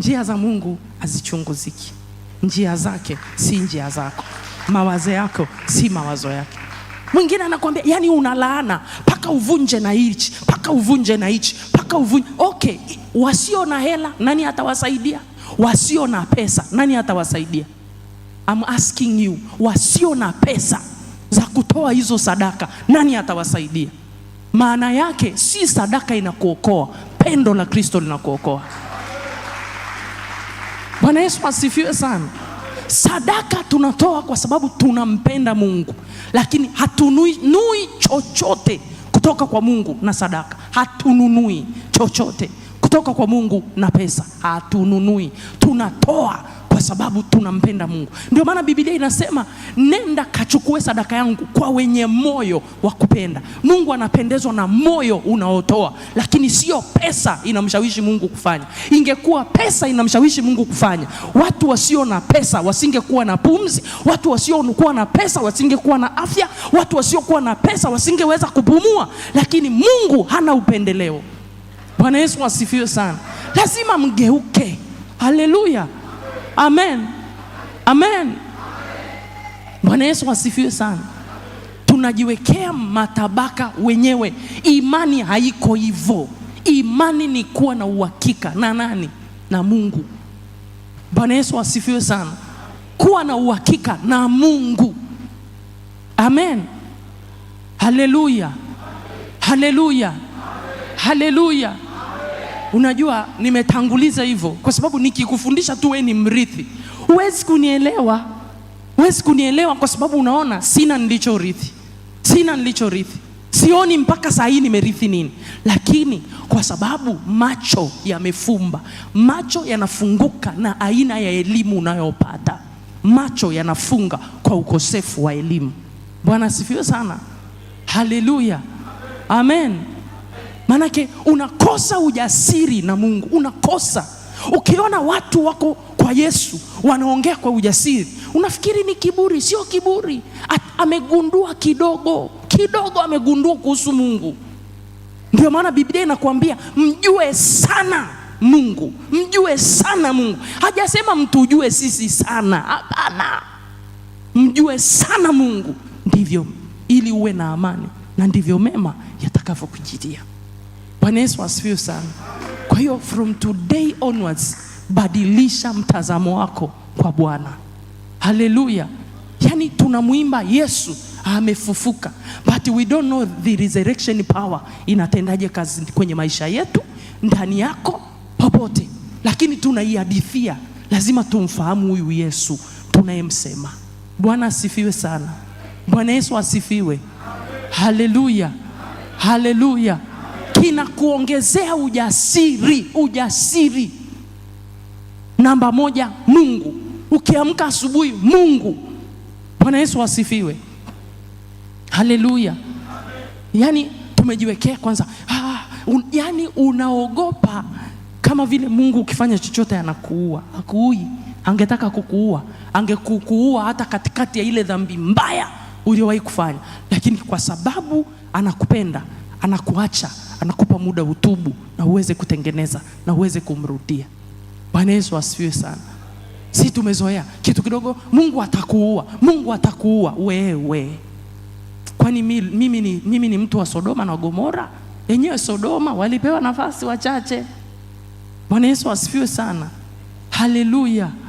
Njia za Mungu hazichunguziki, njia zake si njia zako, mawazo yako si mawazo yake. Mwingine anakuambia yani, unalaana mpaka uvunje na hichi, mpaka uvunje na hichi, mpaka uvunje. Okay, wasio na hela nani atawasaidia? Wasio na pesa nani atawasaidia? I'm asking you, wasio na pesa za kutoa hizo sadaka nani atawasaidia? Maana yake si sadaka inakuokoa, pendo la Kristo linakuokoa. Bwana Yesu asifiwe sana. Sadaka tunatoa kwa sababu tunampenda Mungu, lakini hatununui chochote kutoka kwa Mungu na sadaka. Hatununui chochote kutoka kwa Mungu na pesa, hatununui. Tunatoa sababu tunampenda Mungu. Ndio maana Biblia inasema nenda kachukue sadaka yangu kwa wenye moyo wa kupenda. Mungu anapendezwa na moyo unaotoa, lakini sio pesa inamshawishi Mungu kufanya. Ingekuwa pesa inamshawishi Mungu kufanya, watu wasio na pesa wasingekuwa na pumzi, watu wasiokuwa na pesa wasingekuwa na afya, watu wasiokuwa na pesa wasingeweza kupumua. Lakini Mungu hana upendeleo. Bwana Yesu asifiwe sana. Lazima mgeuke. Haleluya. Amen, amen. Bwana Yesu asifiwe sana. Tunajiwekea matabaka wenyewe. Imani haiko hivyo. Imani ni kuwa na uhakika na nani? Na Mungu. Bwana Yesu asifiwe sana. Kuwa na uhakika na Mungu. Amen, haleluya, haleluya, haleluya. Unajua nimetanguliza hivyo kwa sababu nikikufundisha tu wewe ni mrithi, huwezi kunielewa, huwezi kunielewa kwa sababu unaona sina nilichorithi, sina nilichorithi, sioni mpaka saa hii nimerithi nini, lakini kwa sababu macho yamefumba, macho yanafunguka na aina ya elimu unayopata, macho yanafunga kwa ukosefu wa elimu. Bwana asifiwe sana, haleluya, amen. Maanake unakosa ujasiri na Mungu, unakosa ukiona watu wako kwa Yesu wanaongea kwa ujasiri, unafikiri ni kiburi. Sio kiburi, amegundua kidogo kidogo, amegundua kuhusu Mungu. Ndio maana Biblia inakuambia mjue sana Mungu, mjue sana Mungu. Hajasema mtujue sisi sana, hapana, mjue sana Mungu ndivyo, ili uwe na amani na ndivyo mema yatakavyokujilia. Bwana Yesu asifiwe sana. Kwa hiyo from today onwards, badilisha mtazamo wako kwa Bwana. Haleluya! Yaani tunamwimba Yesu amefufuka, but we don't know the resurrection power inatendaje kazi kwenye maisha yetu, ndani yako, popote, lakini tunaihadithia. Lazima tumfahamu huyu Yesu tunayemsema. Bwana asifiwe sana. Bwana Yesu asifiwe. Haleluya, haleluya kinakuongezea ujasiri. Ujasiri namba moja, Mungu. Ukiamka asubuhi, Mungu. Bwana Yesu asifiwe, haleluya. Yani tumejiwekea kwanza. Ah, un, yani unaogopa kama vile Mungu ukifanya chochote anakuua. akuui angetaka kukuua, angekukuua hata katikati ya ile dhambi mbaya uliowahi kufanya, lakini kwa sababu anakupenda anakuacha anakupa muda utubu na uweze kutengeneza na uweze kumrudia. Bwana Yesu asifiwe sana. Si tumezoea kitu kidogo, Mungu atakuua, Mungu atakuua. Wewe kwani mimi, ni, mimi ni mtu wa Sodoma na Gomora? Yenyewe Sodoma walipewa nafasi wachache. Bwana Yesu asifiwe sana, haleluya.